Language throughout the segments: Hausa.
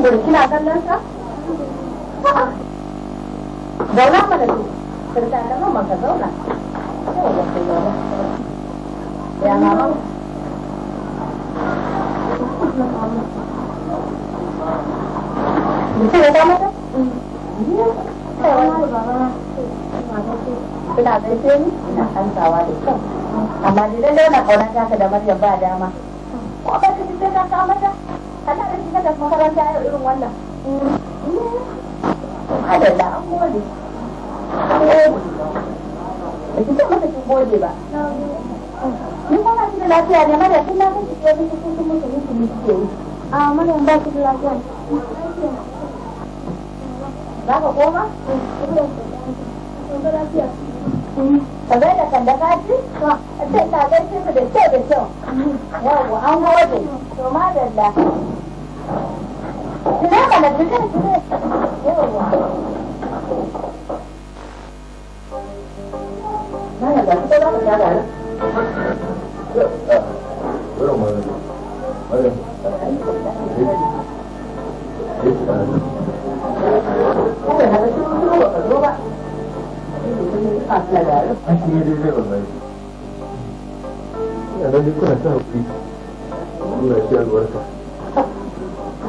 saboda kina kallon zauna mana su da ka zauna yawa da kai zauna ya mama ya Ina gaishe ni? Ina kantawa da kyau. Amma taka da Maryam ba dama. Ko ba ka ka in ka tafi makaranta yau irin wannan adalla an gode an gode ki ce masa kin gode ba ni kuma ki da lafiya ne mara kin lafiya ki ce miki kin mutu miki ne kike yi a mara ba ki da lafiya za ka koma? ka zai da kan da kaji? a ce ka gaishe su da kyau da kyau yawwa an gode to madalla alabu zai zai yawa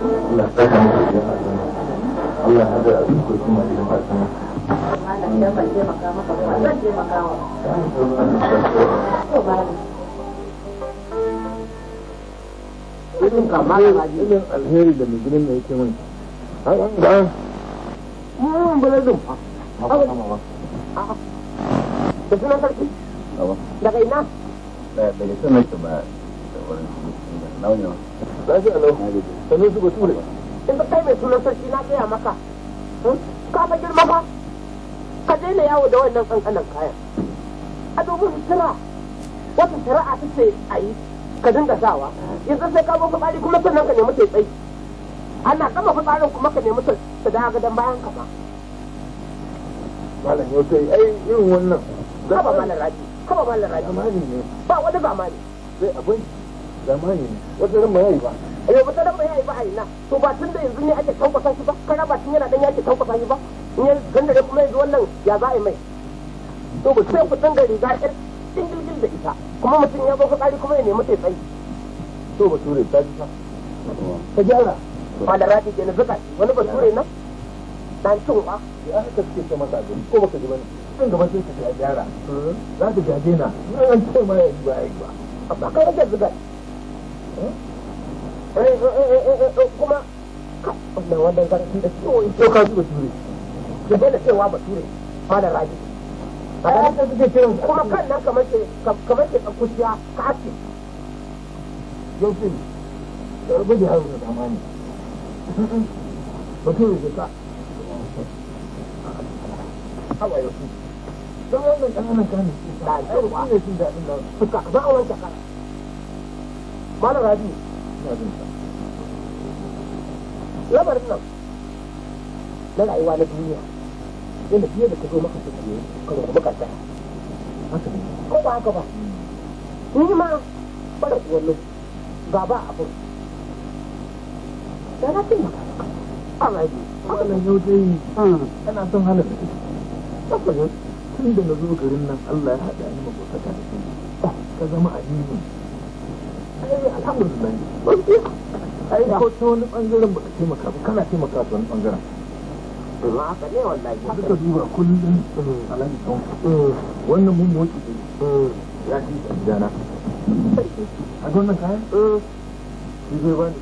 Allah ya saka muku da aljanna Allah ya hada ku kuma da maka maka ba zan je maka wa to malam ba lafiya lau sannan su bature yanzu kai mai sunan sarki na gaya maka hmm? ka fa girma fa ka daina yawo da wannan kankanan kayan a domin sutura wata shari'a ta ce a yi ka dinga sawa yanzu sai ka zo bari kuma sannan ka nemi tsaitsai ana kama fitsarin kuma ka nemi ta da gadon bayan ka ba malam yau sai ai irin wannan kaba malam raji kaba malam raji ba wani zamani sai abin zamani wata ran ba yayi ba eh wata ran ba yayi ba aina to ba tun da yanzu ne ake tankwasa shi ba kana ba tun yana dan yake tankwasa shi ba in ya gandare kuma yanzu wannan ya za a yi mai to ku sai ku dinga riga ɗin dingilgil da ita kuma mutum ya zo fitsari kuma ya nemi tsayi to ba ture ta ta ta gyara ba da rati ke na zuka wani ba ture na dan cin ba ya haka suke ce masa abin ko baka ji ne. din gaba sai ka gyara hmm. za ta gaje na an ce ma ya yi ba ba amma ka rage zuka kuma wannan wannan zarafi da ciwo in ce ka zuba cewa ba ture da rabi a da haka suke kiran kuma kan nan kamar ke kamar ke ka kuciya ka ake da rubu da yaro da dama ne ba ture ka don wannan ne a wanke malam rabi lamarin nan na rayuwa na duniya yana fiye da ta zo maka su biye ka zo maka ta ko ba haka ba ni ma bada kuwallo ga ba abu da na cin maka alaji wannan yau dai kana son hana su tabbata tun da na zo garin nan Allah ya haɗa ni mabota ta ka zama addini ai ko ta wani bangaren baka taimaka ba kana taimaka ta bangaren ba haka ne wallahi haka duba kullum alhaji wannan mun motsi ne ya fi gidana a wannan kayan shi zai ba da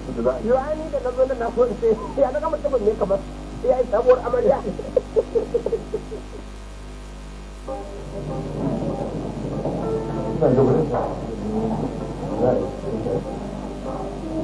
za a yi da na zo na so ya ne kamar ya yi sabuwar amarya Thank you.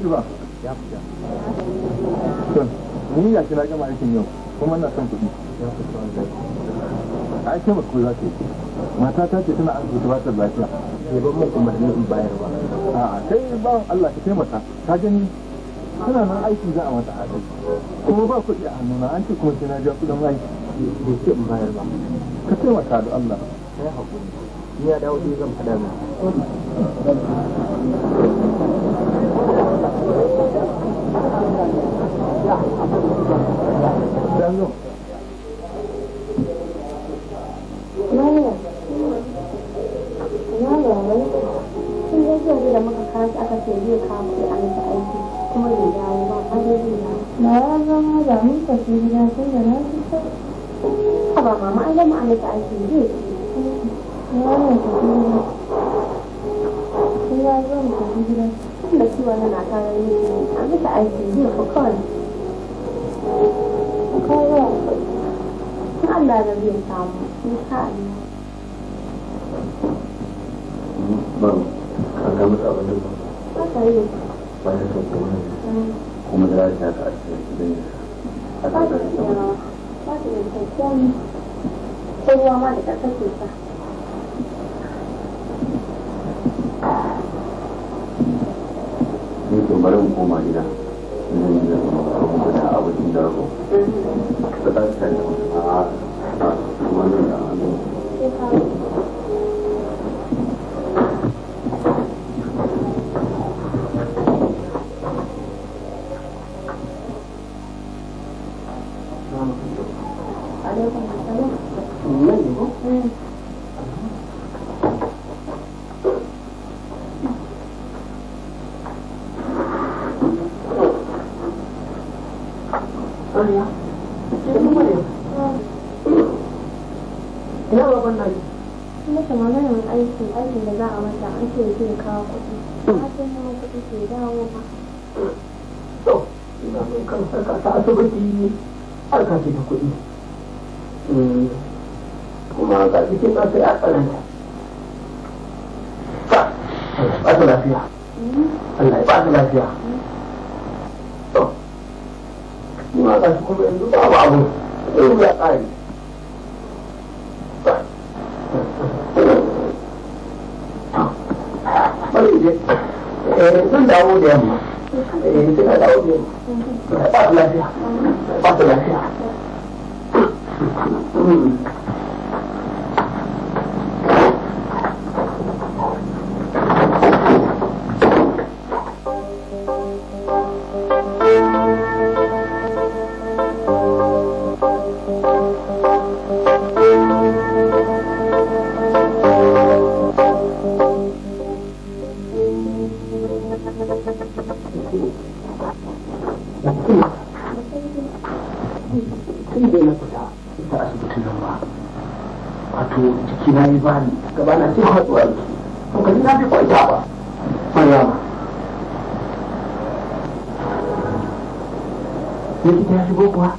ki ba ya fita ni ya gama aikin yau kuma na san kuɗi ai ce ba kuwa mata ta ce tana asibiti ba ta lafiya ne ban mun kuma ne in bayar ba a kai ba Allah ka taimaka ka gani tana nan aiki za a mata aiki kuma ba kuɗi a hannuna an ce kuma sai na ja aiki bai ce in bayar ba ka taimaka da Allah kai hakuri ni ya dawo sai zan hada mai Daniel. Malam, na yawon sun zai yanzu da muka kasu aka ce zai kawo kuɗi aiki kuma bai dawo ba, an zai Na ya zama da mun wannan kuma ta maganin aikin aikin da za a mata an ce zai kawo kuɗi hmm. a ce kuɗi ke dawo ba to ina mun kan ta asibiti harka ce ta kuɗi hmm. kuma ga jikin ɗan sai a tsananta ta ba ta lafiya Allah ya ba ta lafiya hmm. to ni ga shi kuma yanzu babu abu ya ƙare Eh, zan dawo da yamma eh sai na dawo da yamma ba lafiya ba lafiya hmm. ki na yi bani gaba na sai haɗuwa ki hankali na bai kwanta ba maryama ya shigo kuwa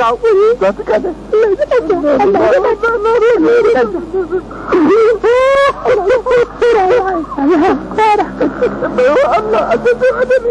da hakuri ga su kada Allah a cikin adami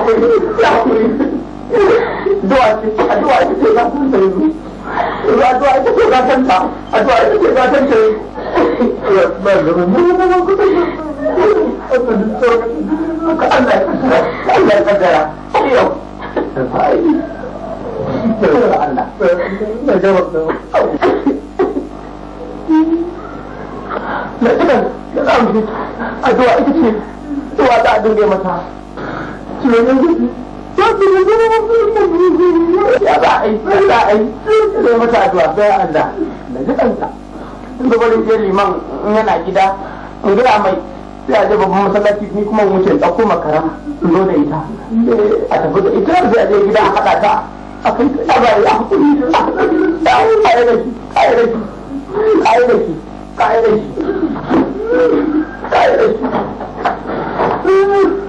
hakuri ita ce za ta yanzu addu'a ita ta ta addu'a ita ce za ta ta ta Allah Allah Allah ta mata ya za a yi sai za a yi sai mata addu'a sai Allah da ji kanka in da barin liman in yana gida in gida mai sai a je babban masallaci ni kuma wuce ɗauko makara in zo da ita eh, a tafi da ita sai a je gida a haɗa ta a kai ta labari a hakuri a yi da shi a yi da shi a yi da shi a yi da shi a yi da shi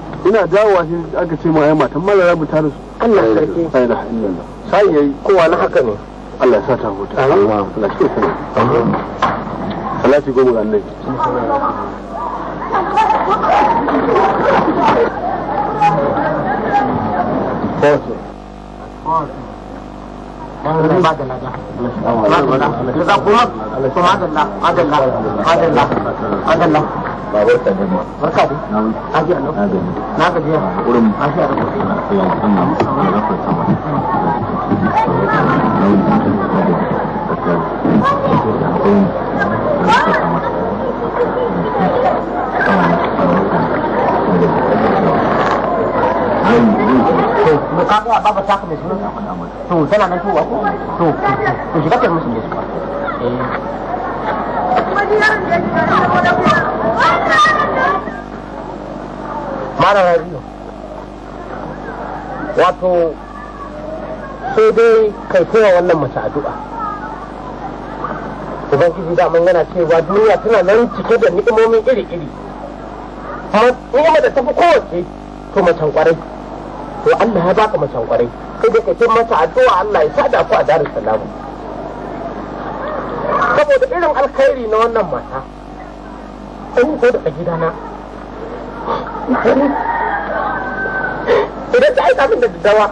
ina dawowa shi aka ce ma ai matan malara bu ta rasu Allah eh, sarki la ilaha illallah sai yayi kowa na haka ne Allah ya sa ta huta Allah ya sa ta huta salati goma ga Thank you. ba da lada madalla kuma kuma madalla madalla madalla madalla babar ta gani barka dai na ji na gaji wurin ashe a rafa na rafa sama to ka ga babu mai to tana nan tuwa ko to to musu ne eh. mara wato sai dai kai kowa wannan mace addu'a ubangiji da mun yana cewa duniya tana nan cike da ni'imomi iri-iri kuma ni'ima da tafi kowace to macen kwarai to Allah ya baka macen kwarai kai da kake mata addu'a Allah ya sada ku a darin salamu saboda irin alkhairi na wannan mata in ko daga gidana idan ta aika min da daddawa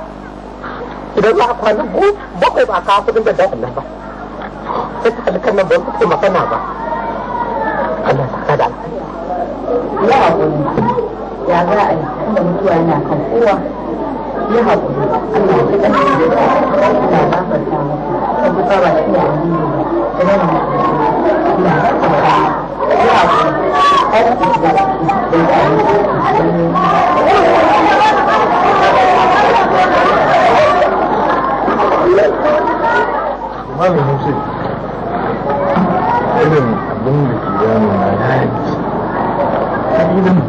idan za a kwana go bakwai ba ka kudin da dawa ba sai ta kalli nan ba ku ce magana ba Allah ya sada da alkhairi ya za a yi mutuwa yana kan kowa yi haƙuri Allah ya kasance da Allah ba ka ba yi yi da yi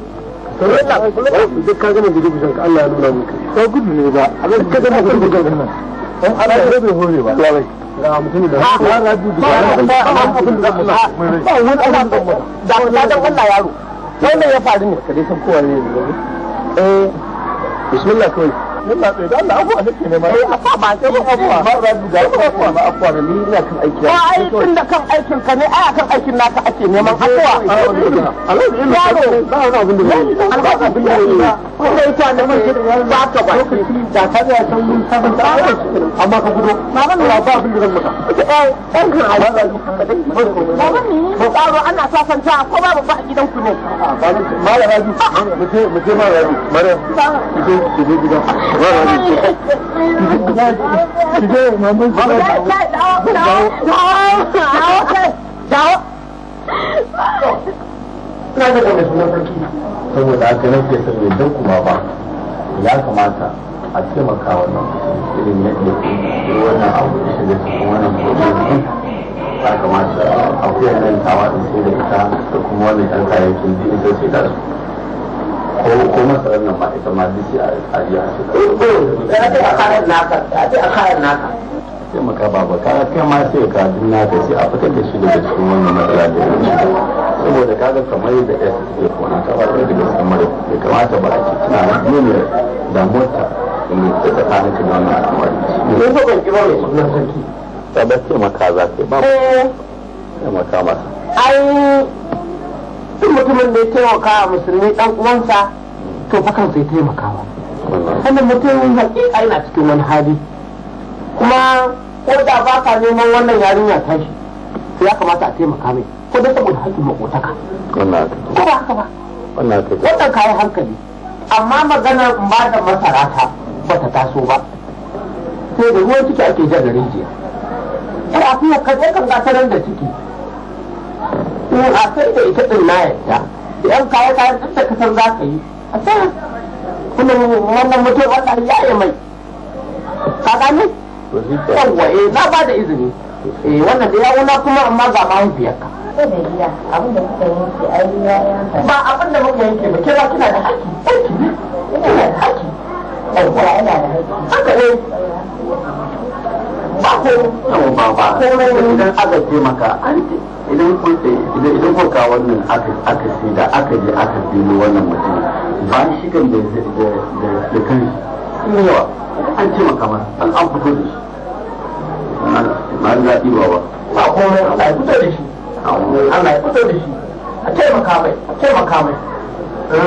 to duk ka gama gudu gudu ka Allah ya nuna muku gudu ne ba gudu nan ya hore ba faru ne eh, kawai Allah bai da Allah abuwa nake ne ma afuwa ba sai mun afuwa ma rabu ga afuwa ma afuwa ne ni ina kan aiki ba ai tun da kan aikin ka ne ai kan aikin naka ake neman afuwa Allah ya yaro ba wani abin da zai albarka bin da yi wanda ita da mun ji ba ka ba da ka da san mun san da amma ka gudu na ban da ba da zan maka eh dan kan hawa da ba ni ba tsaro ana sasanta ko ba a gidan ku ne ma da rabi mu je mu je mare ki je ki je gidan na ga kone sunan sarki saboda aka nake saboda idan kuma ba ya kamata a taimaka wa wannan irin yadda ku wannan abu da shiga cikin wannan kogin ya kamata a kuyar nan tawa da sai da ita da kuma wannan ɗan kayayyakin da ita sai da su ko ko masarar nan ma ita ma duk a riya shi da eh, eh, ya ce a kayan naka ya ce a kayan naka taimaka baba ka kai ma sai ka din naka sai a fitar da shi daga cikin wannan matsala da ya saboda kaga kamar yadda ya take kona ta ba da gaskiya mara ya kamata ba a ce tana nuna damuwarta ne ta tsakanin ka da wannan al'amari ne ko ban kira ne sunan sarki tabbas taimaka za ka ba eh. taimaka ai duk mutumin da ya taimaka musulmi dan uwansa to fa kansa ya taimakawa wannan mutum hakika yana cikin wani hali kuma ko da ba ka neman wannan yarinya ta shi to ya kamata a taimaka mai ko da saboda hakkin makotaka ko ba haka ba wannan kayan hankali amma maganar ba da masara ta ba ta taso ba sai da ruwan ciki ake jan rijiya sai a fiye kaje kan gasarar da ciki in a sai da ita din na yadda yan kawo kayan duk da kasar za ka yi a sai kuma wannan mutum wannan ya yi mai ka gane yawwa eh na ba da izini eh wannan da yawuna kuma amma ga mahaifiyarka ba abin da muka yanke ba kira kina da haƙƙi haƙƙi ne kina da haƙƙi yawwa ina da haƙƙi haka eh ba ko ba ba idan aka ce maka an idan idan kuka wannan aka aka ce da aka je aka bilo wannan mutum ba shi kan da da da kan shi yawa an ce maka ma an an fito da shi ma an zaɓi ba ba ba ko Allah ya fito da shi Allah ya fito da shi a taimaka mai a taimaka mai Eh,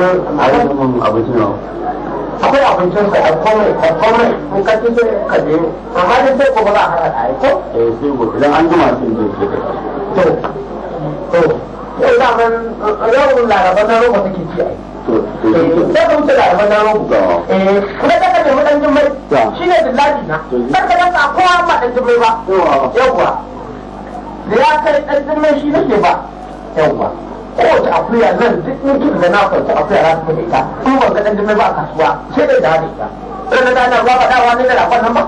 akwai abincin sa akwai akwai in ka ci sai ka je amma dai sai gobe za a hana tare ko eh sai gobe dan an jima sun je ke to to yau da man eh, yau laraba na roba take ci ai eh, sai ka wuce laraba na roba eh kuma da ka nemi dan jimai shine dillaji na sai ka dasa kowa ba dan jimai ba yawwa da ya kai dan jimai shi nake ba yawwa kowace akuya nan duk mutum da na kwanci akuya za su fi ita in ban ga dan ba kasuwa sai da da ne ta sannan da ana ba ba dawa ne da rakon nan ba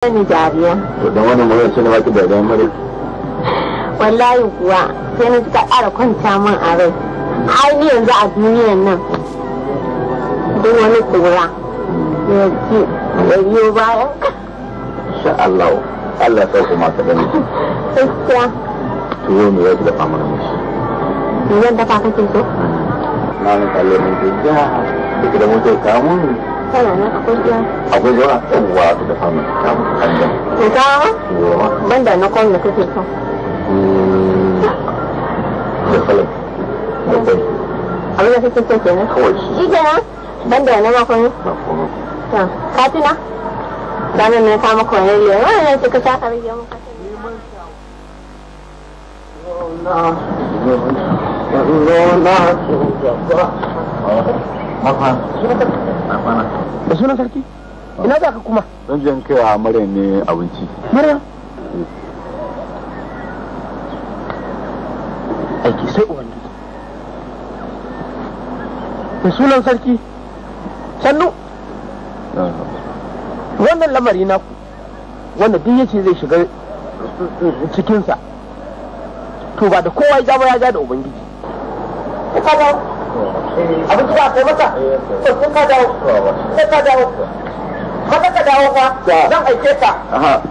ni dariya. To dan wannan baki mare. Wallahi kuwa sai na ta ƙara kwanta min a rai. Har yanzu a duniyar nan duk wani ƙura ya ji ya biyo baya. Insha Allah Allah Gaskiya. To yau da kake so? Na ni mun ji da tana nan akwai iya akwai ta dafa ta ta banda na kwan da kake da da kai abin da kake kenan kawai shi kenan banda na makon ta katina ranar ne ta maka wani ranar ne ka sha maka da sunan sarki ina za ka kuma don jan kai a mara ne abinci mara eh. aiki sai uwanda da sunan sarki sannu wannan lamari naku wanda duk yace zai shiga cikinsa to ba da kowa ya ja ba ya ja da ubangiji A abinci ba kai masa eh, to sai ka dawo sai ka dawo maza ka dawo fa zan aike ka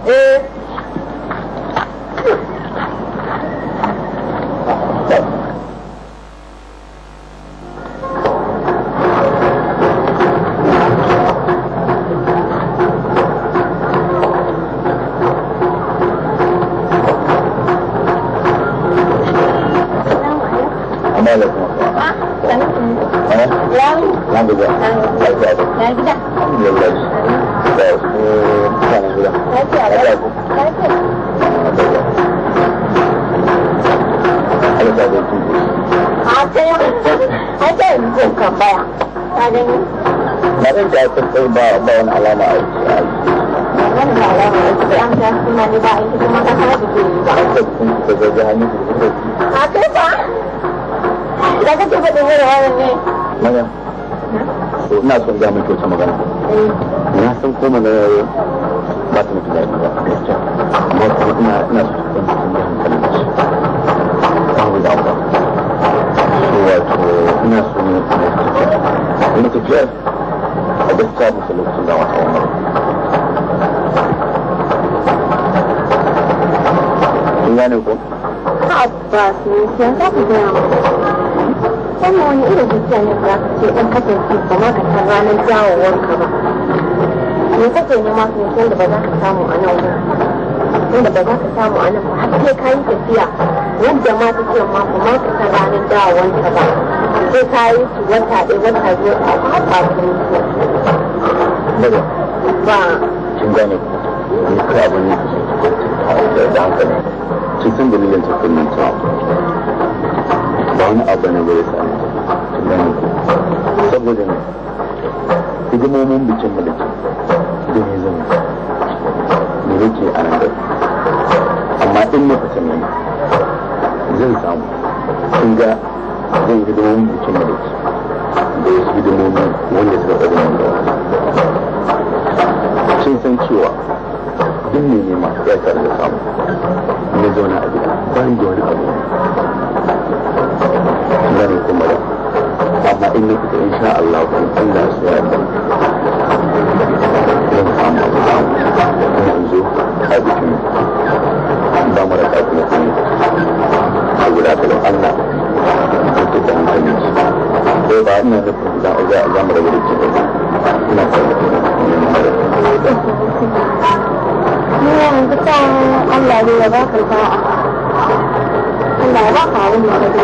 eh علامة ina son da mai kyauta magana na san ko mana ba ta mutu da ina ba amma kuma ina ina so ta san da hankali da shi ta hu da wato ina so ne ta tafiya da ta da lokacin da wata wannan kin gane ko Abbas ne sai za ku gaya mu sannan wani irin zuciya ne za ka ɗan kasance kamar ka ta ranar dawowarka ba me kake nema tun da ba za ka samu a nan tun da ba za ka samu a nan ba har sai ka yi tafiya yadda ma ta ce ma kuma ka ta ranar dawowanta ba sai ka yi su wata ɗaya wata biyu a ba ku yawa kin gane ni kai abin ne da hankali kin san dalilin tafin nan ta ba wani abu ne bai sami kin gane saboda ne hidimomin bikin mu da ke da ne zan yi da yake a in lokacin nan zan samu kin zan yi da da sun san cewa duk mai nema ya tare da samu na zauna a gida bayan da wani abu ne kuma da amma in na fita insha Allah ku Allah su ya yarda zan samu abu zan zo a bikin ba mara lafiya saboda haka da Allah ka ta hankali ko ba ina da za a za mu rabu da ke ba ina fara ni yanzu kan Allah ne ya ba ka sa'a Allah ya ba ka abin da ka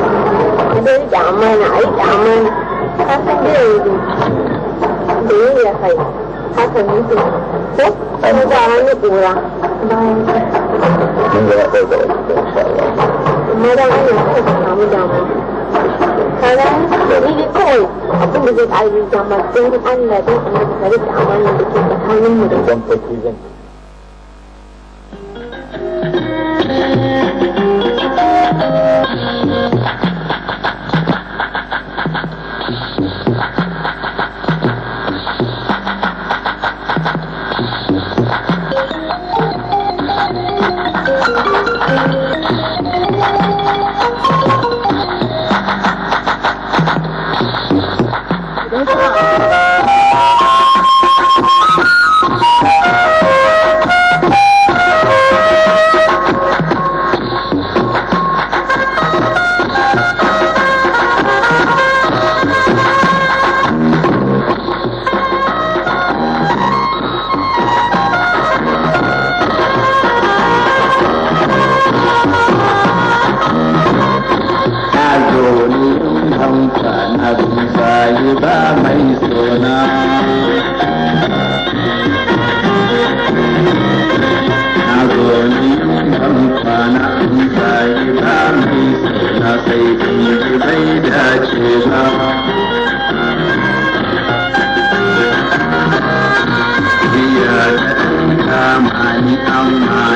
zai da amana a yi da amana ka san da yanzu da yi ya kai haka ne ko kuma da wani ƙura bayan mun gaba ka samu damuwa. Kaga abin da zai ƙarfi dama Allah da ke da. Zan I'm Rama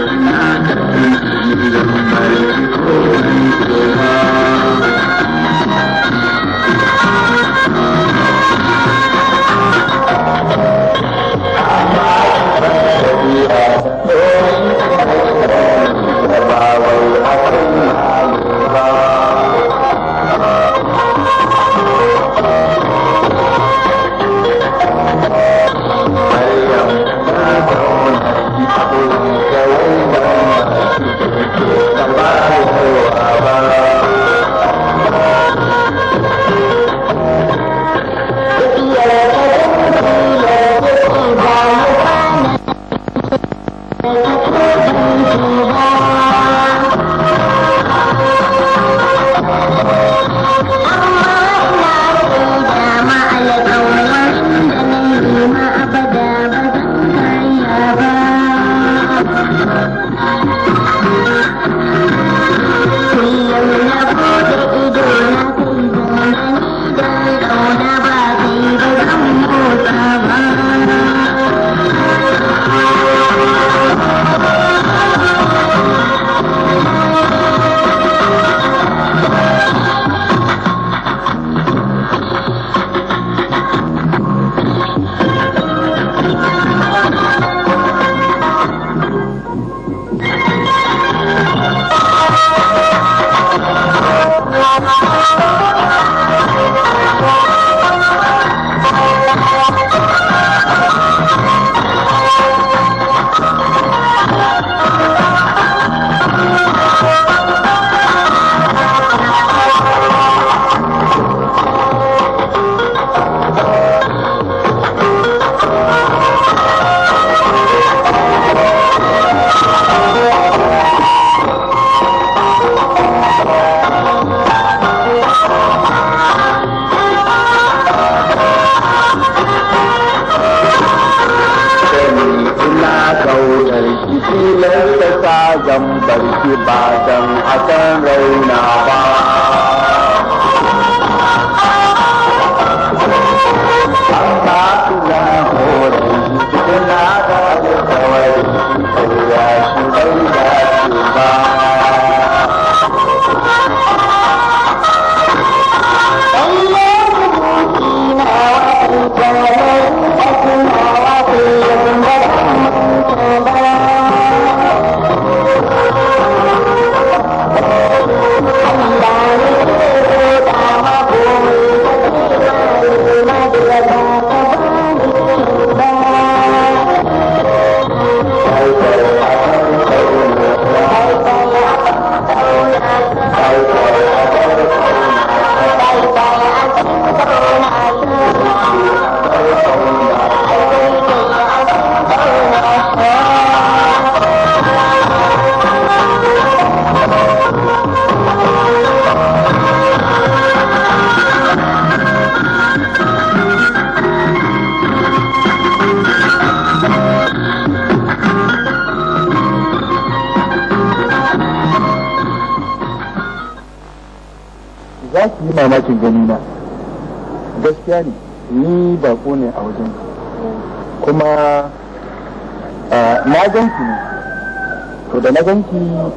da na ganki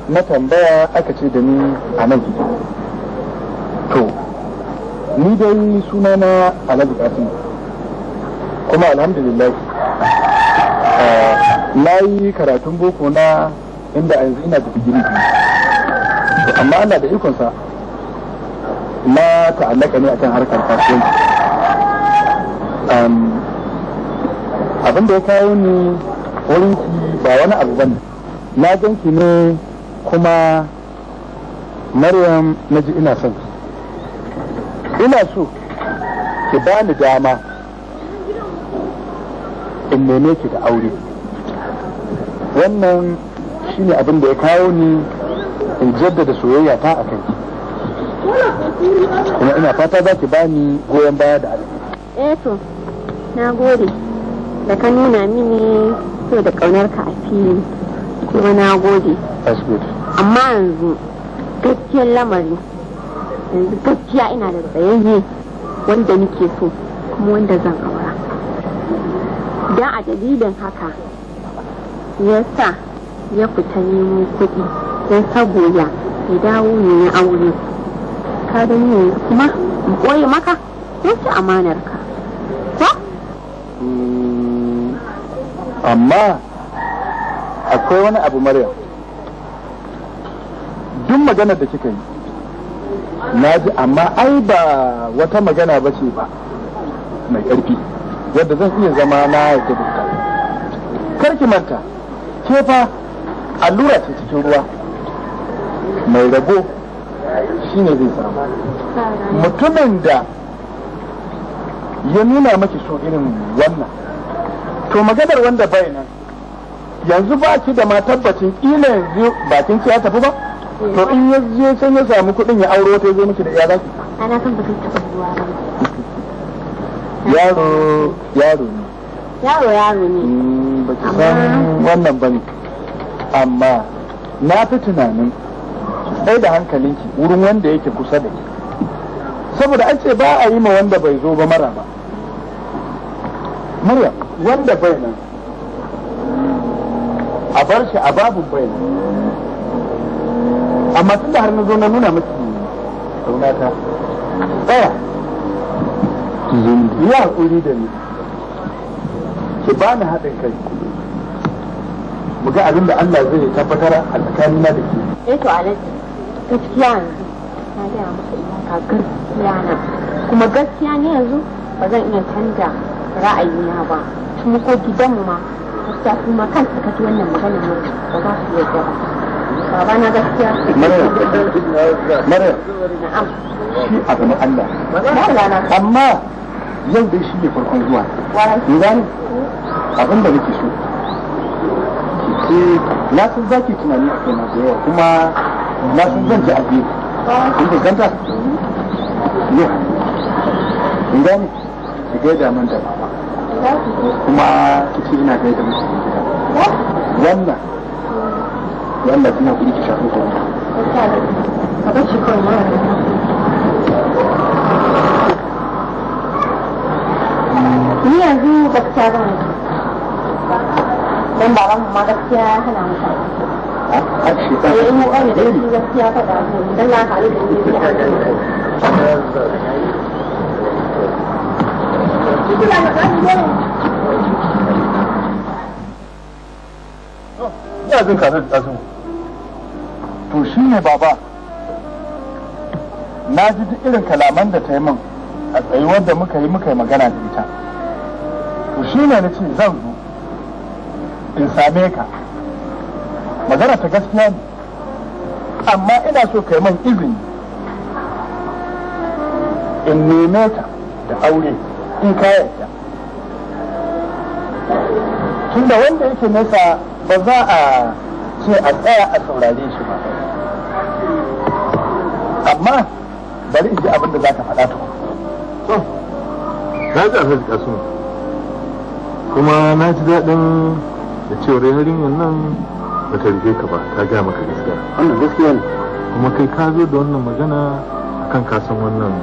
na tambaya aka ce da ni a nan to ni dai suna na alhaji kasim kuma alhamdulillah eh, na yi karatun boko na inda a yanzu ina da digiri amma ana da ikonsa na ta'allaka ne akan harkar kasuwanci abin da ya kawo ni wurin ba wani abu bane na ganki ne kuma maryam na ji ina son ina so ki bani dama in neme ki da aure wannan shi abin da ya kawo ni in jaddada soyayya ta a kanki kuma ina fata za ki bani goyon baya da alaƙa eto eh na gode da ka nuna mini so da ƙaunarka a fili kuma na gode amma yanzu gaskiyar lamari yanzu gaskiya ina da tsayayye wanda nake so kuma wanda zan aura don a dalilin haka ya sa ya fita nemo kuɗi don saboda ya dawo ne ya aure ka da ne kuma ɓoye maka ko amanar ka ko amma akwai wani abu maryam duk maganar da kika yi na ji amma ai ba wata magana ba ce ba mai ƙarfi yadda zan iya zama na yadda da Kar ki manta ke fa allura ce cikin ruwa mai rago shi ne zai samu mutumin da ya nuna maki so irin wannan to maganar wanda bai nan yanzu ba ki da ma tabbacin ina yanzu bakin ya tafi ba to in ya je can ya samu kuɗin ya auro ta zo miki da iya zaki ana san ba yaro yaro ne yaro yaro ne hmm, ba ki san wannan ba ne amma na fi tunanin sai da hankalinki wurin wanda yake kusa da ke saboda an ce ba a yi ma wanda bai zo ba mara ba murya wanda bai nan a bar shi a babu bai amma tun da har na zo na nuna miki ta tsaya ki haƙuri da ni ki ba ni haɗin kai mu ga abin da Allah zai tabbatar a na da ke eh to alaji gaskiya yanzu na gaya masa ka gaskiya na kuma gaskiya ne yanzu ba zan iya canza ra'ayina ba kuma ko gidan ma gaskiya kuma kan ka ji wannan magana ne ba za baba na gaskiya maryam shi a gaban Allah amma yau dai shi ne farkon zuwa ni abin da nake so eh, na san zaki tunani a kaina da yawa kuma na san zan ji a biyu kun fuskanta yau in gani ki gaida man da baba kuma kici ina gaida musu gida wannan wannan suna kuɗi ki shafi ko ka ba ni yanzu gaskiya ba ne, baban mu ma gaskiya tana mutane a ce ta yi eh, mu da shi gaskiya faɗa mu dan na faru da ni ina jin to shi ne baba na ji duk irin kalaman da ta yi min a tsayuwar da muka yi muka yi magana da ita to shi ne na ce zan zo in same ka magana ta gaskiya ne amma ina so ka yi min izini in neme ta da aure tunda wanda yake nesa ba za a ce a tsaya a saurare shi ba amma bari in ji abin da za ka faɗa to na ji kasu kuma na ji daɗin da cewar yarinyar nan ba ta rufe ka ba ta gaya maka gaskiya wannan gaskiya ne kuma kai ka zo da wannan magana akan kasan wannan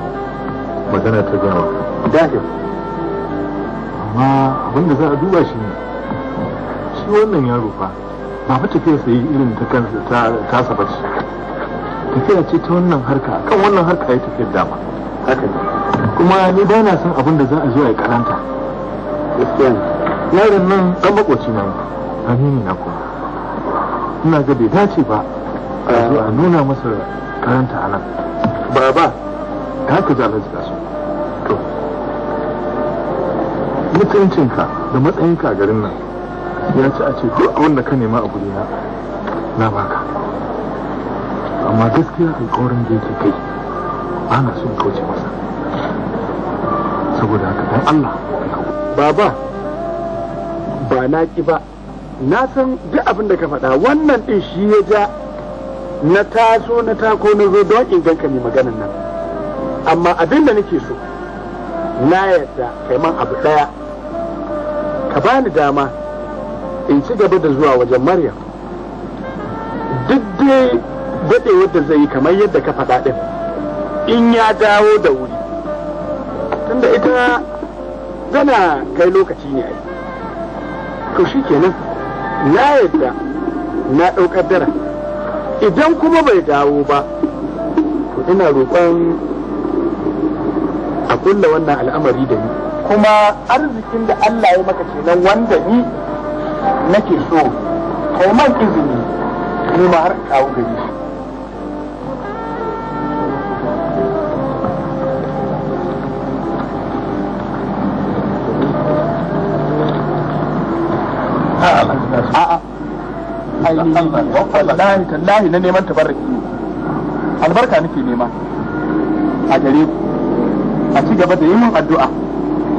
magana ta gaya maka amma abinda za a duba shi ne shi wannan yaro fa ba fa tafiya sai irin ta kansa ta tasa tafiya ce ta wannan harka kan wannan harka ya tafiya dama haka ne kuma ni ba na son abinda da za a zo ya karanta yaron nan ɗan makoci na amini na kuma ina ga bai dace ba a nuna masa karanta anan baba ta haka ji alhaji kasu mutuncinka da matsayinka a garin nan ya ci a ce duk abin da ka nema a guri na baka amma gaskiya alkawarin da yake kai ana na son kauce masa saboda haka don Allah baba ba na ki ba na san duk abin da ka faɗa wannan ɗin shi ya ja na taso na tako na zo don in ganka mai maganan nan amma abin da nake so na yadda kai man abu ɗaya ka bani dama in ci gaba da zuwa wajen maryam duk dai daɗewar da zai yi kamar yadda ka faɗa ɗin in ya dawo da wuri tunda ita tana kai lokaci ne yi to shi kenan na yadda na ɗaukar dara idan kuma bai dawo ba to ina roƙon a kulla wannan al'amari da ni kuma arzikin da Allah ya maka kenan wanda ni nake so kai man izini ni ma har kawo gari a'a tallahi na neman tabarraki albarka nake nema a gare ku a ci gaba da yi min addu'a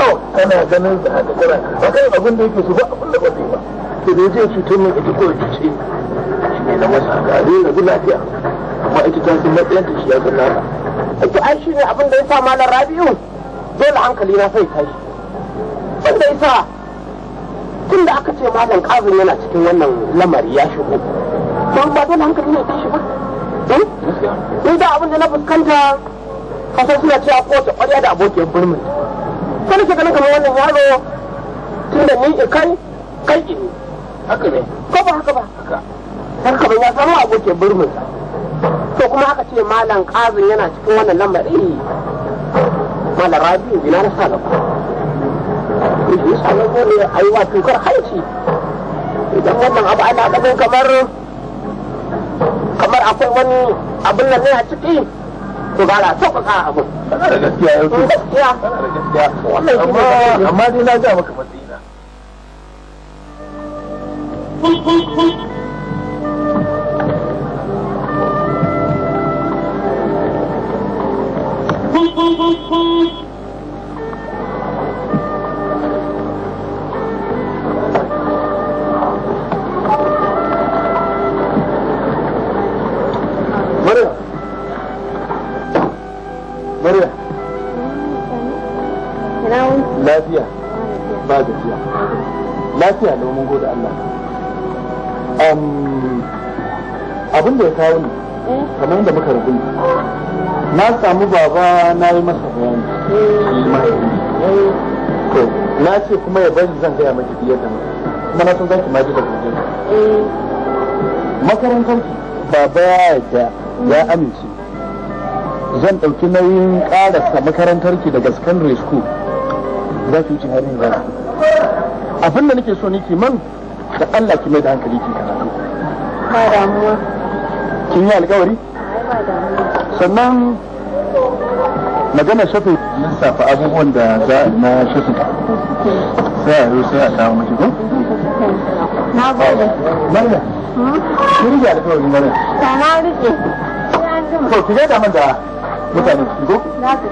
kawai kana ganin sa haka kana ba kai abin da yake su ba abin da ba zai ba to da yaje cutar mai kaji ko ya ce shi ne na masa ga ne rabu lafiya amma ita ta san matsayin ta shi ya san nasa ake ai shi ne abin da ya sa malam Rabi'u dole hankali na sai tashi wanda ya sa tun da aka ce malam kazin yana cikin wannan lamari ya shigo to ba dole hankali na tashi ba hmm? ni da abin da na fuskanta kasar suna cewa kowace kwarya da abokin birnin ko nake ganin kamar wannan yaro tun da ni kai kai ki haka ne ko ba haka ba haka kamar ya samu abokin burmin to kuma haka ce malam kazin yana cikin wannan lamari malam rabi ina na sa gaba shi sa ko ne a yi wa tukar haici idan wannan abu ana ganin kamar kamar akwai wani abin nan ne a ciki to ba na sauƙaƙa abu kana da gaskiya yau gaskiya kana da gaskiya amma dai na ga maka matsayina da ya kawo ni kamar yadda muka rabu na samu baba na yi masa bayani to na ce kuma ya bari zan gaya maki biyar da kuma na san zaki ma ji da gobe makarantar baba ya yarda ya amince zan ɗauki nauyin ƙarasa makarantar ki daga secondary school za ki ci har university abin da nake so ni ki man da Allah ki mai da hankali ki karatu ba damuwa kin yi alkawari sannan magana shafin lissafa abubuwan da za na shafi sai a yi sai a kawo mashi ko? na gode mariya ki rike alkawari mariya ta na rike to ki gaida man da mutane ko? na rike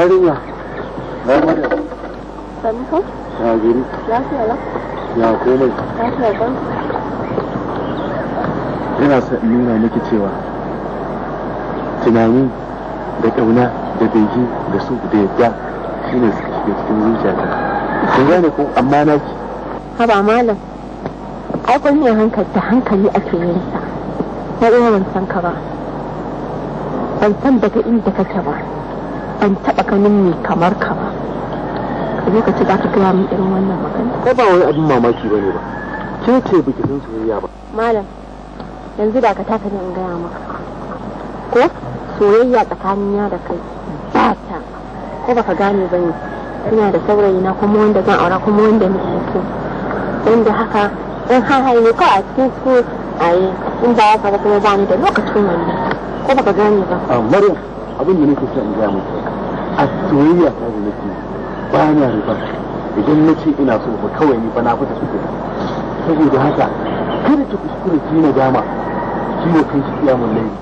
yarinya na ina sa in nuna miki cewa tunani da ƙauna da bege da su da yadda shi ne suka shiga cikin zuciyata kun gane ko amma na ki haba malam ai kunyan hankali da hankali ake yin sa na ɗaya ban san ka ba ban san daga inda kake ba ban taɓa ganin mai kamar ka ba ka zo ka ci za ka gaya min irin wannan magana ko ba wani abin mamaki ba ne ba ke ce biki soyayya ba malam yanzu da ka taka ne in gaya maka ko soyayya tsakanin ya da kai ba ta ko ba ka gane ba ne ina da saurayi na kuma wanda zan aura kuma wanda ni so wanda haka in ha ne ko a cikin su a yi in ba ya kuma ba ni da lokacin wannan ko ba ka gane ba ah, abin da nake son in gaya muku a soyayya ta da nake ba na riba idan na ce ina so ba kawai ni ba na fita suke saboda haka kada ki kuskure ki na dama ki ne kai ki iya mun laifi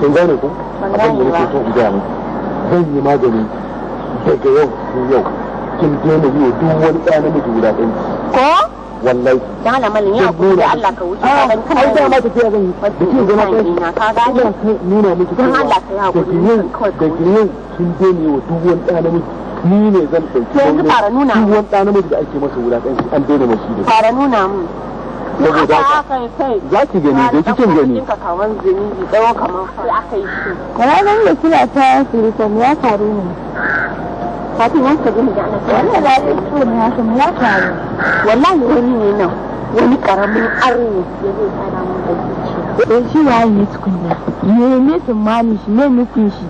kin gane ko abin da nake so in gaya muku zan yi maganin daga yau yau kin daina yi duk wani ɗaya namiji wulaƙanci wallahi dan Allah ya hakuri da Allah ka wuce ah, ka dan kana da mai tafiya zan yi bikin zama kai ina ka gani nuna miki dan Allah ka yi hakuri da yin kin dole wa duk wani ɗan namiji ni ne zan ɗauki to yanzu fara nuna duk wani ɗan namiji da ake masa wulakanci an daina mashi da fara nuna mu saboda za ki gani da kikin gani kamar zunubi tsawon kamar fara aka yi kana da kila ta surutan ya faru ne fatima ka gani da ana sai Allah ya tsoro ne haka mu ya faru wallahi wani ne nan wani karamin arni ya zai tsara mun da zuciya eh shi waye ne tukunna me ne tsammani shi ne nufin shi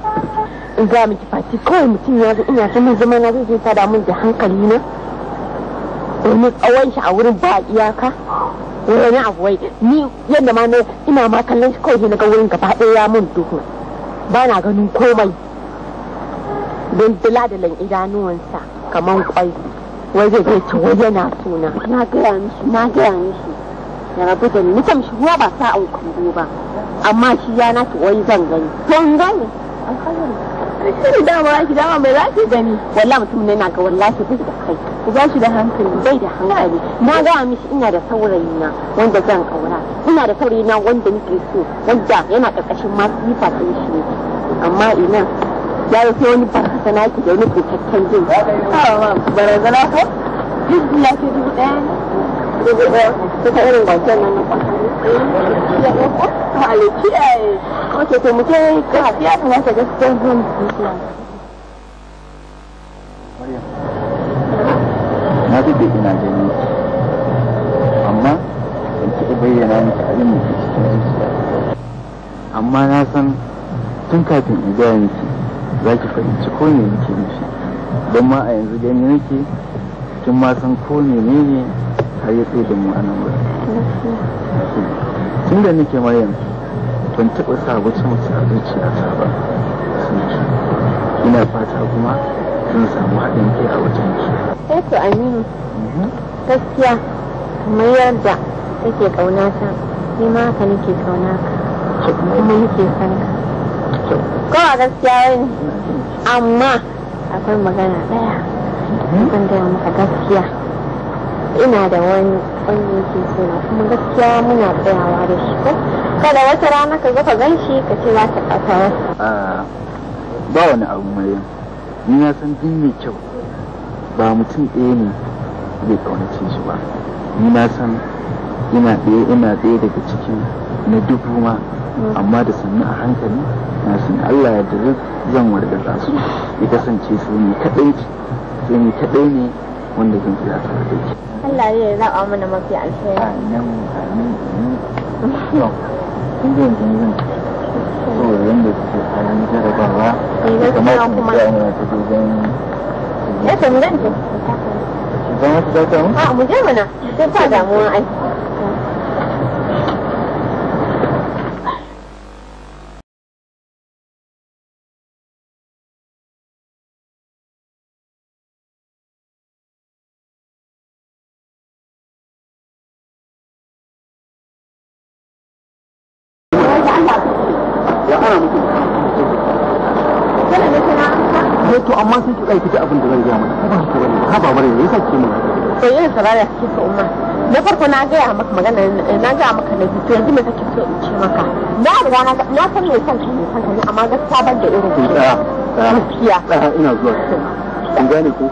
in ga miki fati kawai mutum ya zo ina ta mun zama na zai tsara mun da hankali na domin tsawon shi a wurin ba iyaka wani abu wai ni yadda ma ina ma kallon shi kawai na ga wurin gaba ɗaya mun duhu ba na ganin komai don dila-dilan idanuwansa kamar kwai wai zai zai cewa yana suna na gaya mishi na gaya mishi ya rabu da ni mutum shi ruwa ba sa an kundo ba amma shi ya na ki wai zan gani zan gani alhamdulillah dama ba shi dama mai za ki gani wallahi mutum ne na ga wallahi bai da kai ku ba shi da hankali bai da hankali na gaya mishi ina da saurayi na wanda zan kaura ina da saurayi na wanda nake so wanda yana karkashin masu yi fatan shi amma ina ya yi wani na ki da wani kokakken jin barazana ko duk na dubu ɗaya dubu ɗaya ta irin wancan nan na kwatanni ya ko ta yi ka ya kamata na duk da ina gani amma ban taɓa bayyana miki abin da ke cikin zuciya amma na san tun kafin in gaya miki za ki fahimci ko ne nake nufi don ma a yanzu gani nake tun ma san ko ne ne har ya tsaye da mu a nan wurin tun da nake maryam ban taɓa sa wasu abinci a saba ba ina fata kuma zan samu haɗin kai a wajen ki. sai eh to Aminu, mhm. gaskiya kamar yadda kake kaunata ni ma haka nake ka kuma nake sanka. ka. kowa gaskiya wani, amma akwai magana daya kan gaya maka gaskiya ina da wani wani yake suna kuma gaskiya muna tsayawa da shi ko kada wata rana ka zo ka gan shi ka ce za ka ɓata wasa ba wani abu mai ni na san duk mai kyau ba mutum ɗaya ne zai ƙaunace shi ba ni na san ina ɗaya ina ɗaya daga cikin na dubu ma amma da sannu a hankali na sun Allah ya jira zan wargaza su ya kasance su ne kadai su ne kadai ne wanda zan tsira ta da ke Allah ya zaba mana mafi alheri amin amin amin kun ji yanzu zan saboda yanda suke tsarin jarabawa eh, ya kamata mu ga mu ya tambaye ki zama su zata mu a mu je mana sai ta damuwa ai ba ki bane ba ba bane yasa kike mun sai irin sarara kike so umma na farko na gaya maka magana na gaya maka na biyu to yanzu me kake so in ce maka na riga na na san me san ka ne san ka amma ga ban da irin gaskiya ina zuwa kin gane ko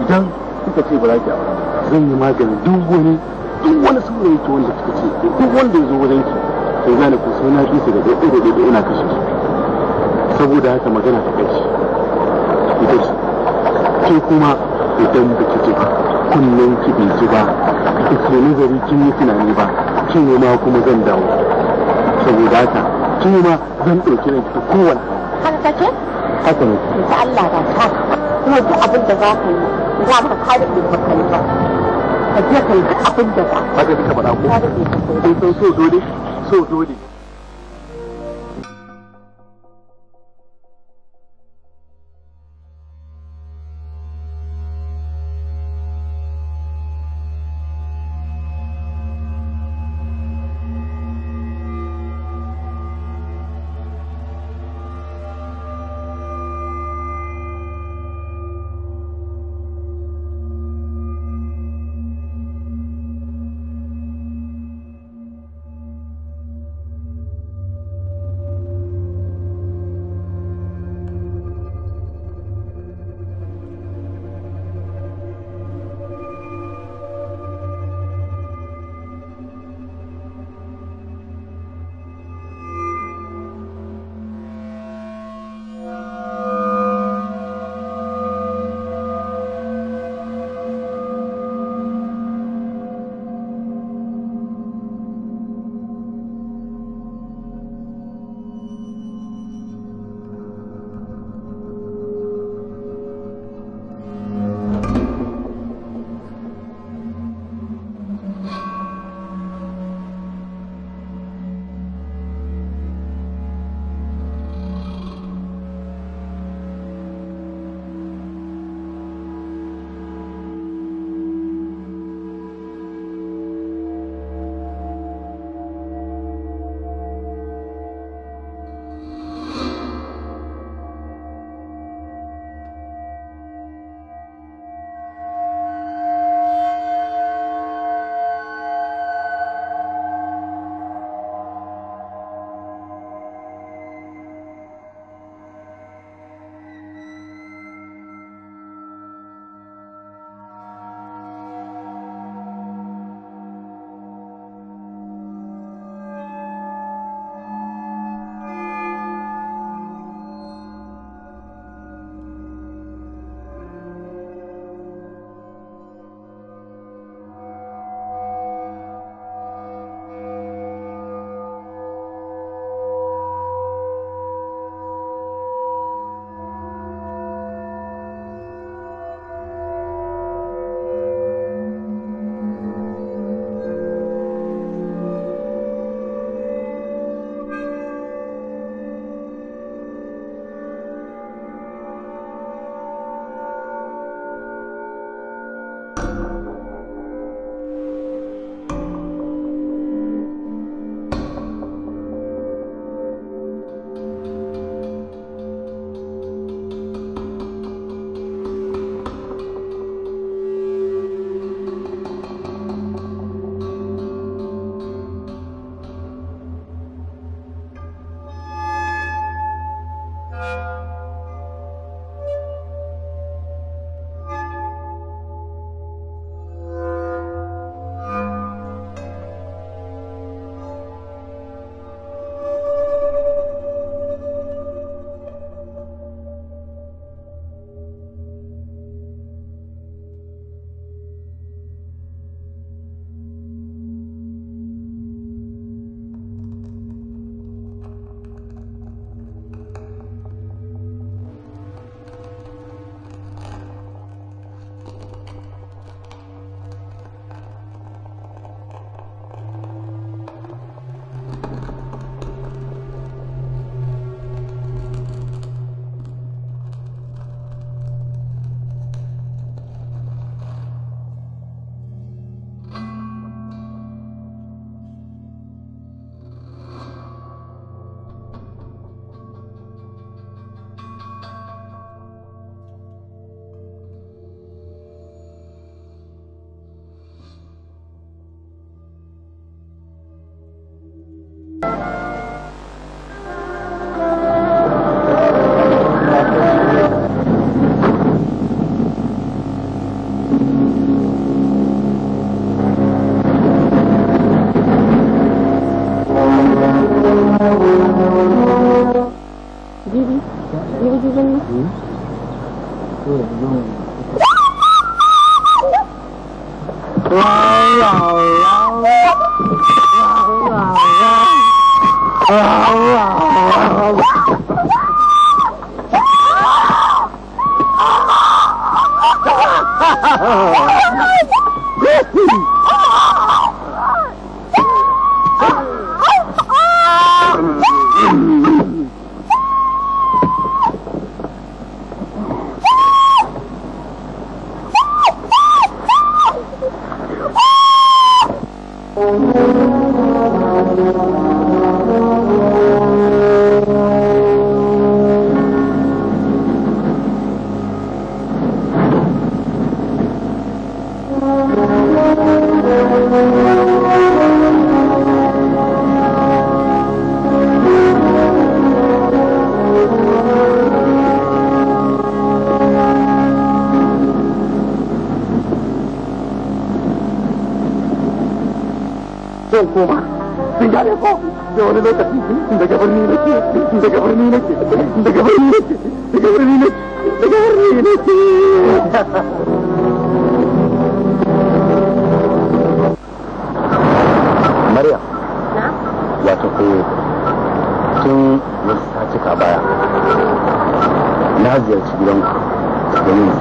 idan kika ce ba za ki aure zan yi magani duk wani duk wani saurayi ki wanda kika ce duk wanda ya zo wajen ki sai gane ko sai na bisa da daidai da daidai ina kashe su saboda haka magana ta kai shi, ita ce ke kuma idan ba ki ji ba kullum ki bai ji ba ki ke nazari kin yi tunani ba kin yi ma kuma zan dawo saboda haka kin yi ma zan ɗauki ranki ki kowane haka kake haka ne da Allah ba ta kuma duk abin da za ka yi za ka kare ki ba kai ba ka je ka yi duk abin da za ka haka kika faɗa ko kun so dole so dole 来呀来！来呀来！来呀来！哈哈哈哈哈！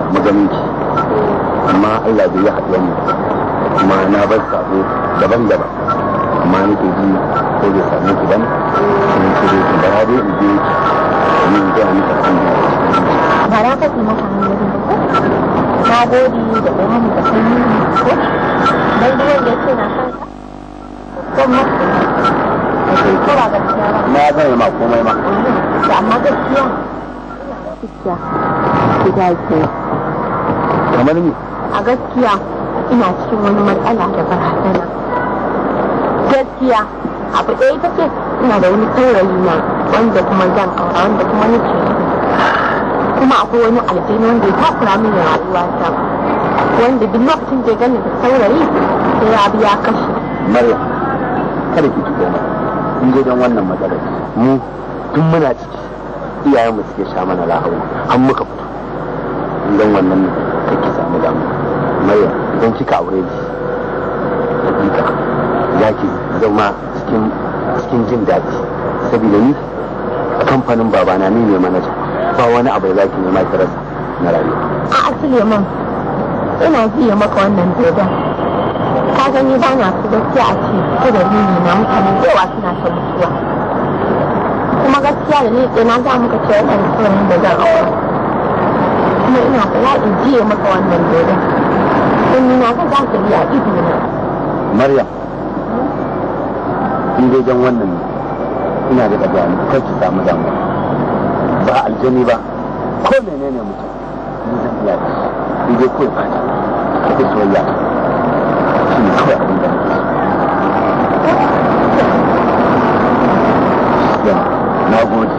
Ama amma Allah bai yi haɗuwar mu kuma na bar sabo daban daban amma ke ji ko bai same ki ban sun ci dai ki bara dai in je ki domin in da bara ka ki maka hanyoyin na gode da ɗan da kan ko wanda na kan ko maka da ke kira ma komai ma amma gaskiya gaskiya kamar me a gaskiya ina cikin wani matsala da barazana gaskiya abu ɗaya ta ce ina da wani saurayi na wanda kuma zan aura wanda kuma nake kuma akwai wani aljini wanda ya takura min da rayuwa ta wanda duk lokacin da ya gani da saurayi da ya bi ya kashe maryam kada ki ji komai in je don wannan matsalar mu tun muna ciki iyayen mu suke sha mana lahawu an muka fito don wannan ne maryam maryam kika aure ji hakika za ki zama cikin jin daɗi saboda ni a kamfanin babana ni ne manaja ba wani abu da za ki nema ki rasa na rayuwa A suleiman ina biya maka wannan dogon ka gani ba na su gaskiya a ce ta dalili na mutane yawa suna ta mutuwa kuma gaskiya da ni na za muka ce wannan alƙawarin da zan aure kuma ina kula in jiye maka wannan dodon don nuna ta za ka biya izinin maryam in dai jan wannan ina da ɗaga ni kar ki samu damuwa ba aljani ba ko menene mutum ni zan iya da dai ko ka ta soyayya shi ne kawai abin da na gode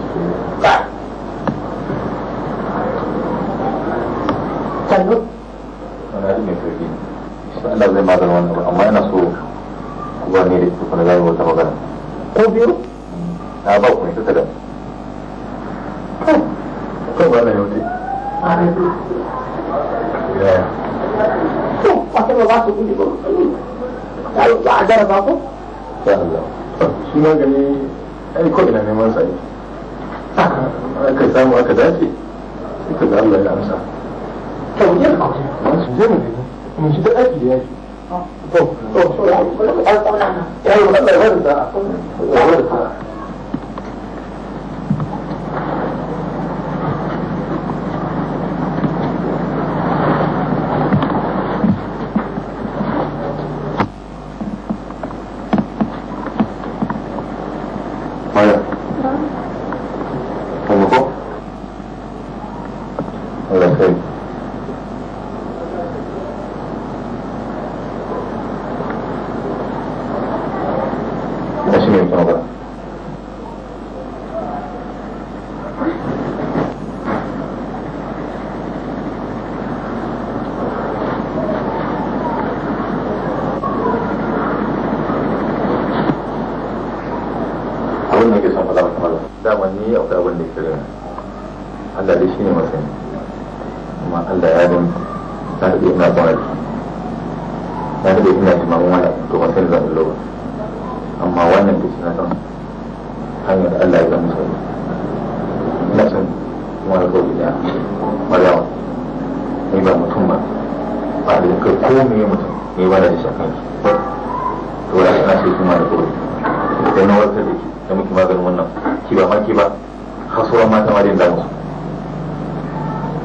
laraba ko? ya Allah shi magani ai ko ina neman sa yi aka samu aka dace sai ka ga Allah ya amsa to mu je mu mu je mu je da aiki da yaki to to yi Allah ya ba da sa'a ni akwai abin da kira Allah dai shine masani kuma Allah ya gani ta da ina kwana da ta da ina tunanin wani to masani zan lura amma wannan da shi na san hanyar Allah ya zama na ina kuma da kawai da Maryam ni ba mutum ba ba da kai ko me mutum ne ba da shi kan to da ina so kuma da kawai da na wata da shi da muke maganin wannan ki ba maki ba hasuwar mata ma dai za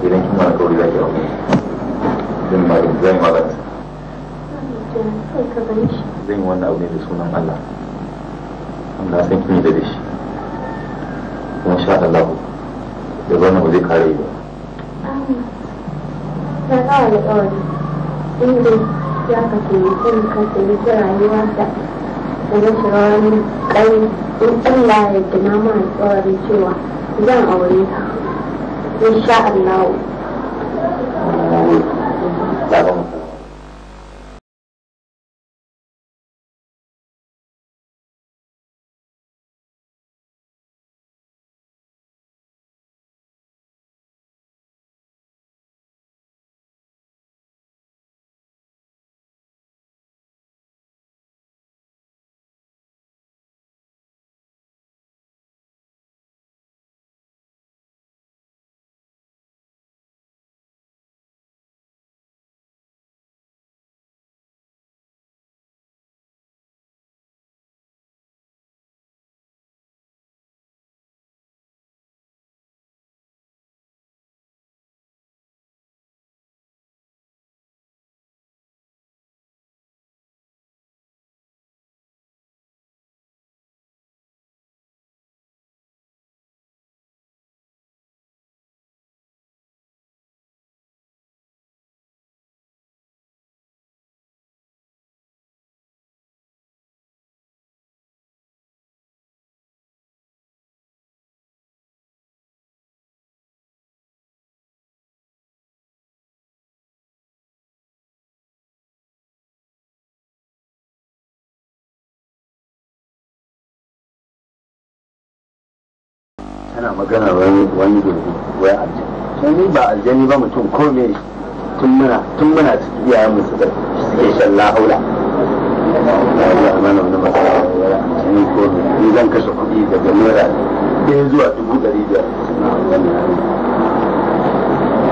idan kin wani kawai zaki aure zan ma zan yi magana zan yi wannan abu ne da sunan Allah Allah san kin da dashi. kuma sha Allah da zauna ba zai kare ba ta kawo da kawai inda ya kace mutum kan tsaye rayuwa da wajen shiga wani kai in Allah ya dana mu alƙawari cewa zan aure ka insha Allah tana magana wani gobe wai aljani can ni ba aljani ba mutum ko me tun muna tun muna ciki iyayen mu suka suke shan lahaula ya yi mana wani masana aljani ko me ni zan kashe kuɗi daga naira ɗaya zuwa dubu ɗari biyar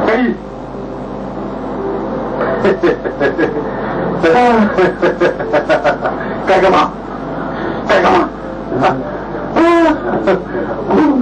kai ka gama ka gama ah!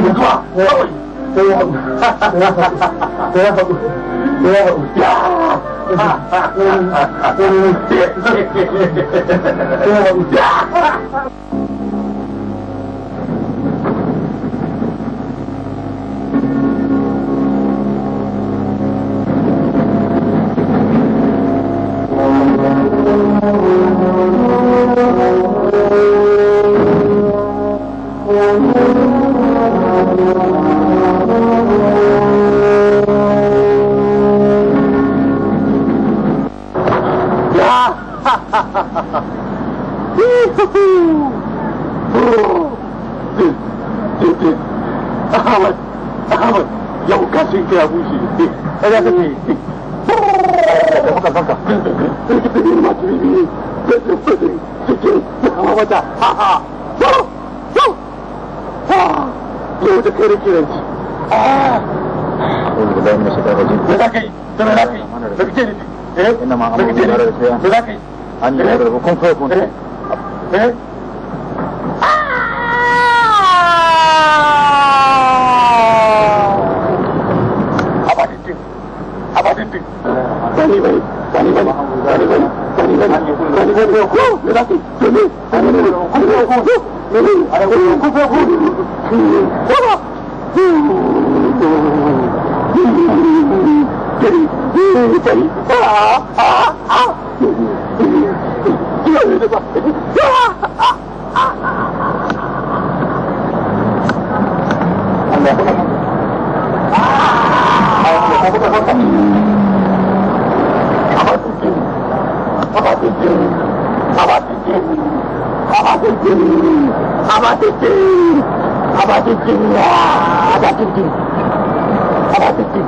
你 过我过来！过来！哈哈哈哈哈！过来！过来！过来！呀！哈哈哈哈哈！过来！呀！ƙarya kake yi da kuka sanka mata ha ha yau da kai rike ranci أعوذ بالله من الشيطان الرجيم. بذاكي بذاكي بذاكي إنما أمره بالمعروف أن يقربكم فيكون. إيه إيه Украинку забудет. chương trình nhà đã chương trình đã chương trình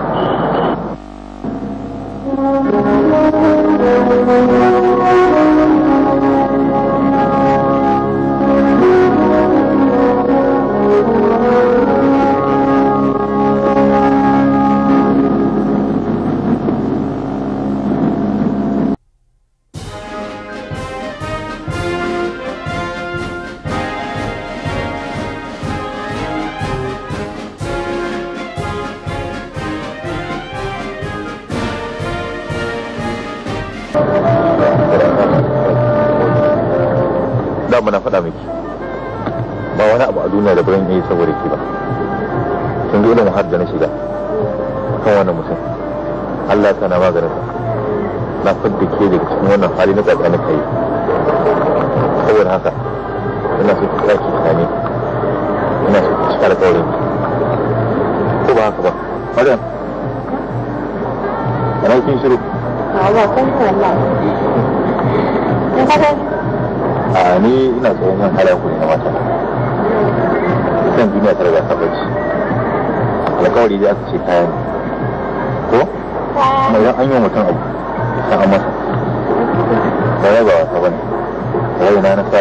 da kawai da aka ce kaya ne ko kuma an yi wa mutum abu san an masa ba ya ba wasa bane rai na na sa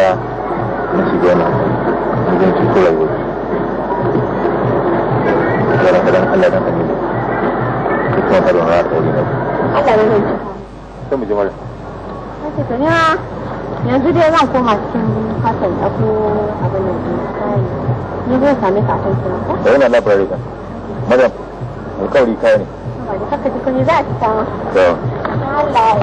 na shiga wani in zai ci kura yau ya ran kadan Allah dan annabi ko kuma karon ra ta wuri na Allah ne sai mu ji mara kace to ya yanzu dai zan koma cikin hasan ako abin da ke kai ni zai same ka a kan kira ko yana labarai kan tylko No, ja tylko nie zaśpał. No, ale...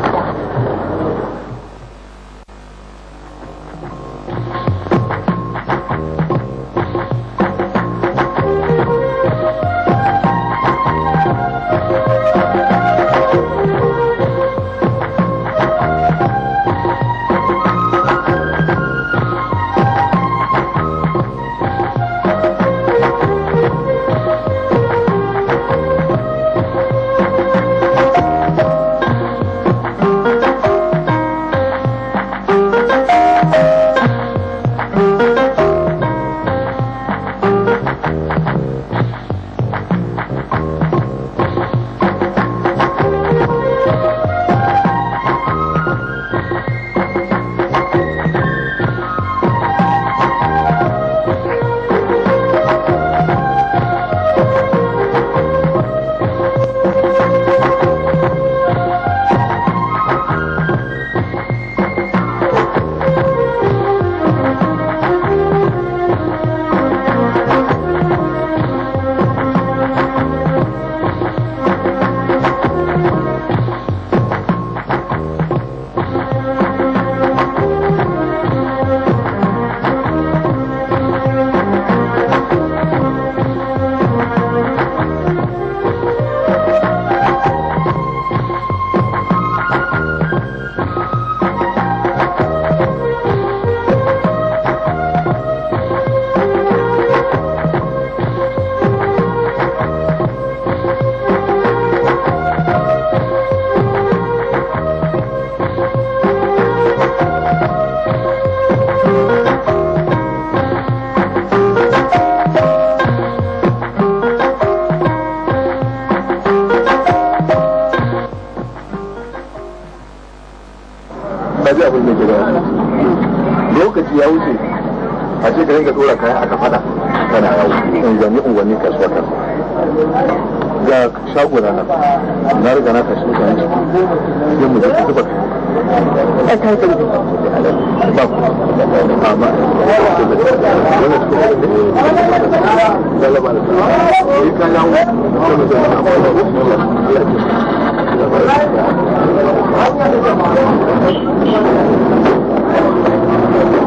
ringa dora kayan aka fada kana yawo in zami unguwanni kasuwa ga na riga na mutane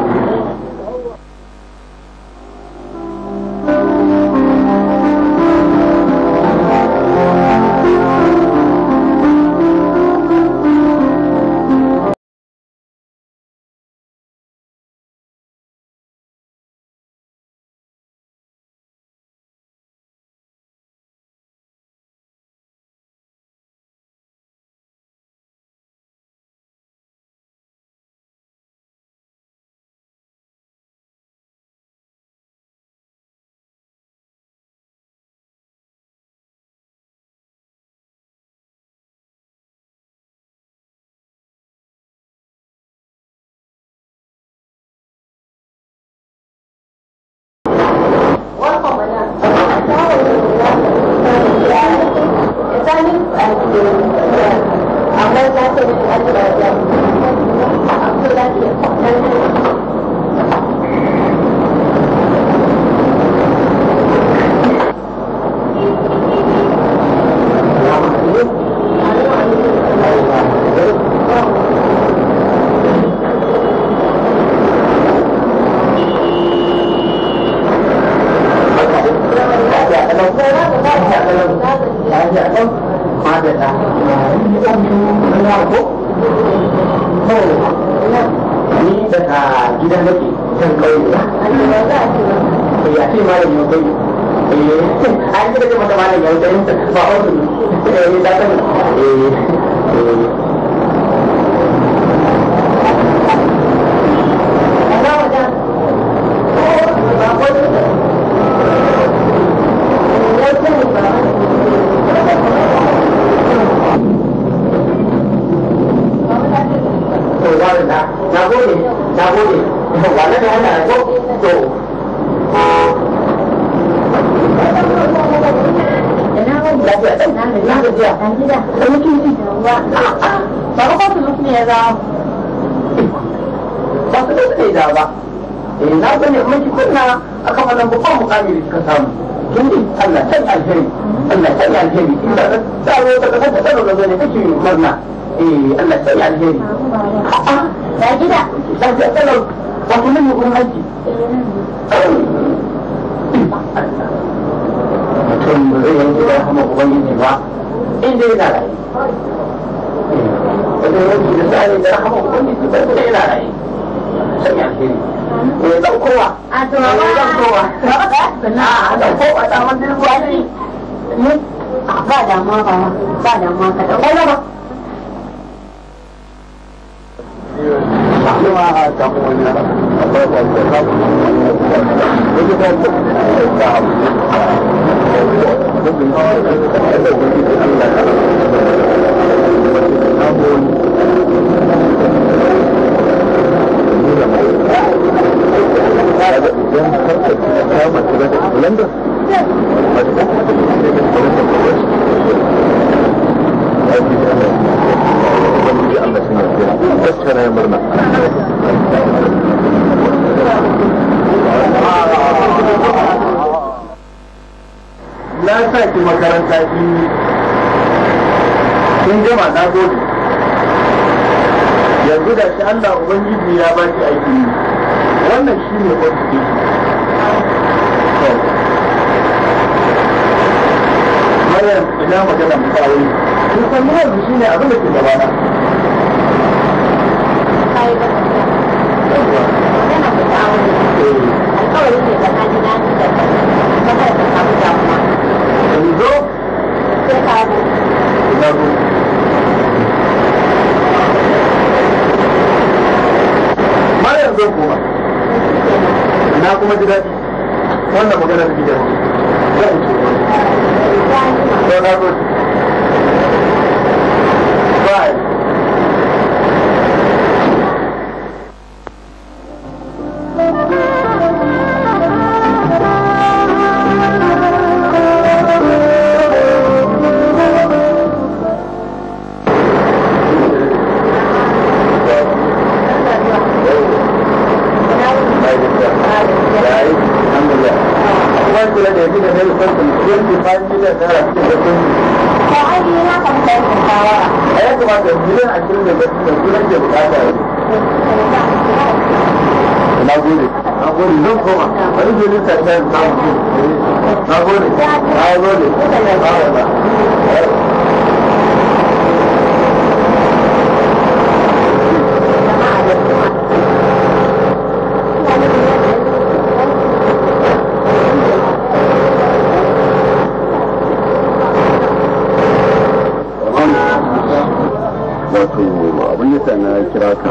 mukami da suka samu tun da Allah alheri Allah alheri in ba ta ta kasance ta kake murna eh Allah alheri da gida da ta kuma mu mutum ba zai da kuma ubangiji ba inda yana rayu wajen da tsari da ubangiji ba zai yana rayu alheri eh daukowa a to ba daukowa a daukowa ta wanda ba damuwa ba ba damuwa ka daukowa ba yawa na gode yanzu da shi Allah ubangiji ya ba shi aiki ne wannan shi ne constitution Maryam ina magana misali kun san yanzu shi ne abin da ke gabana ne mara yanzu kuma na kuma ji daɗi wannan magana da gidan zan ce ba na zo ba hakuri zan koma ta ta na gode na gode wato abin yasa na kira ka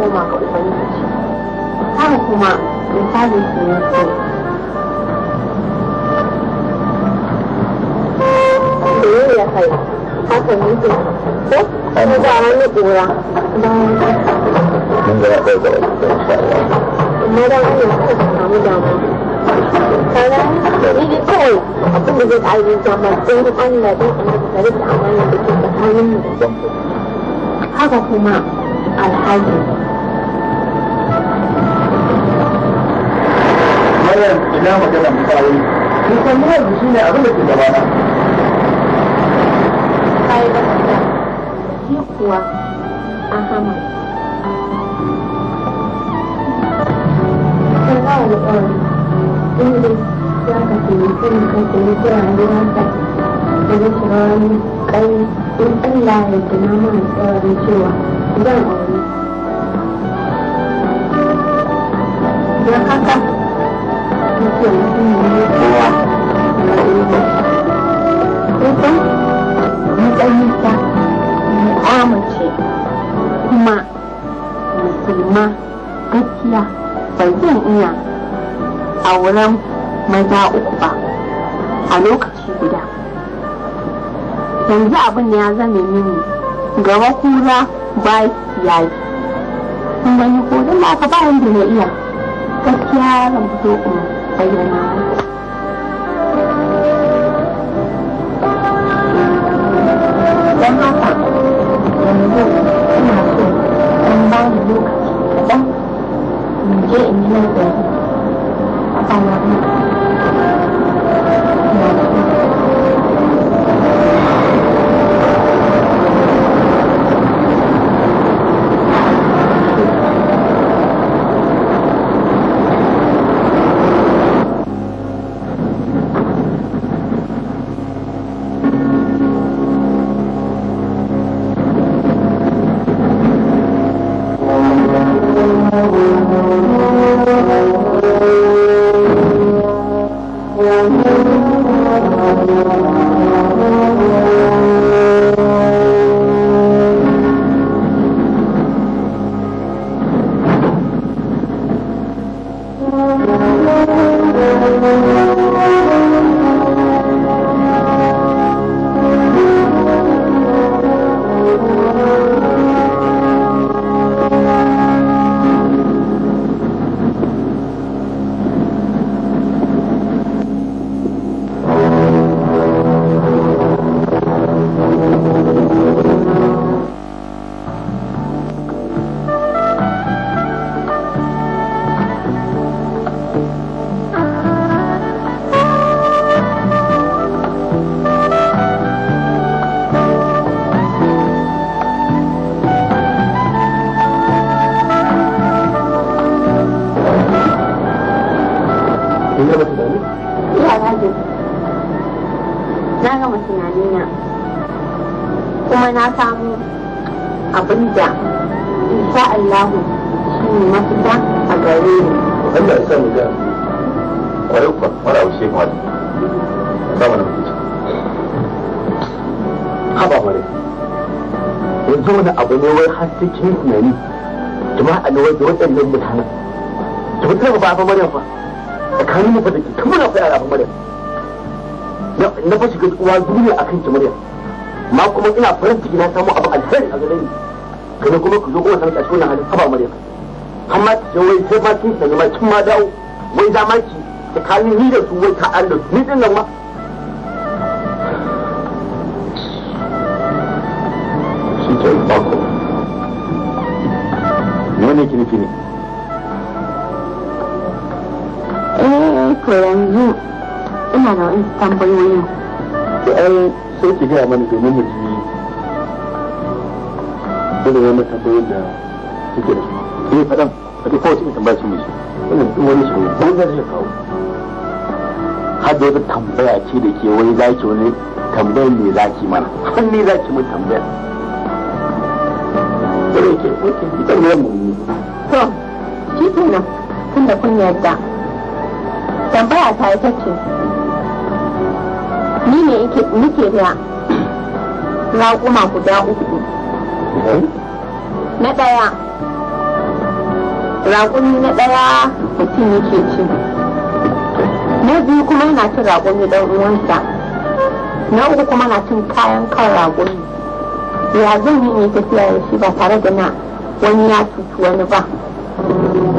koma ga ubangiji haka kuma misalin su ne kawai soyayya kai ta ne ke ko kuma za a wani ɗora Mun gara ɗaya da wani ɗan sha'awa. da wani suka samu damuwa. Kana ni dai kawai abin da zai ƙari zama don Allah don annabi tare da amanar da ke tsakanin mu. Haka kuma alhaji ina magana mutane sun yanzu shi ne abin da ke gabana. Ai ba shi da haka kuma musulma ba zan iya auren maza uku ba a lokaci guda yanzu abin ya zame mini gaba kura ba yayi yi ko ka ba da na iya gaskiya zan fito 三号口，六号口，三路口。aure Allah ya samu kwarai kuwa mara wuce da haba mare yanzu wani abu ne wai har ta tunani da waɗannan mutanen da mutum ba fa tsakanin mu na fa yara ba na uwa duniya akan ki maryam ma kuma ina farin ciki na samu abu alheri a gare ni kada kuma ku zo kuma wannan halin haba amma da wai sai ma kin kin ma dawo wai ki ni da su wai ka ni din shi wani ne eh ko yanzu ina da wani tambayoyi sai ki gaya mana domin mu ji irin wannan tambayoyi da eh faɗan a duk kowace mai tambaya shi ne shi wannan duk wani shi ban zai shi kawo har da wata tambaya ce da ke wani zaki wani tambayar ne zaki mana hannu ne zaki mun tambaya Dole ke wuce ita ne mu yi. To, shi kenan tun da kun yarda. Tambaya ta ita ce, ni ne nike da raƙuma guda uku. Eh? Na ɗaya, raƙumi na ɗaya mutum yake ci na biyu kuma yana cin raƙumi ɗan ruwansa na uku kuma na cin kayan kan raƙumi ya zan yi tafiya da shi ba tare da na wani ya cuci wani ba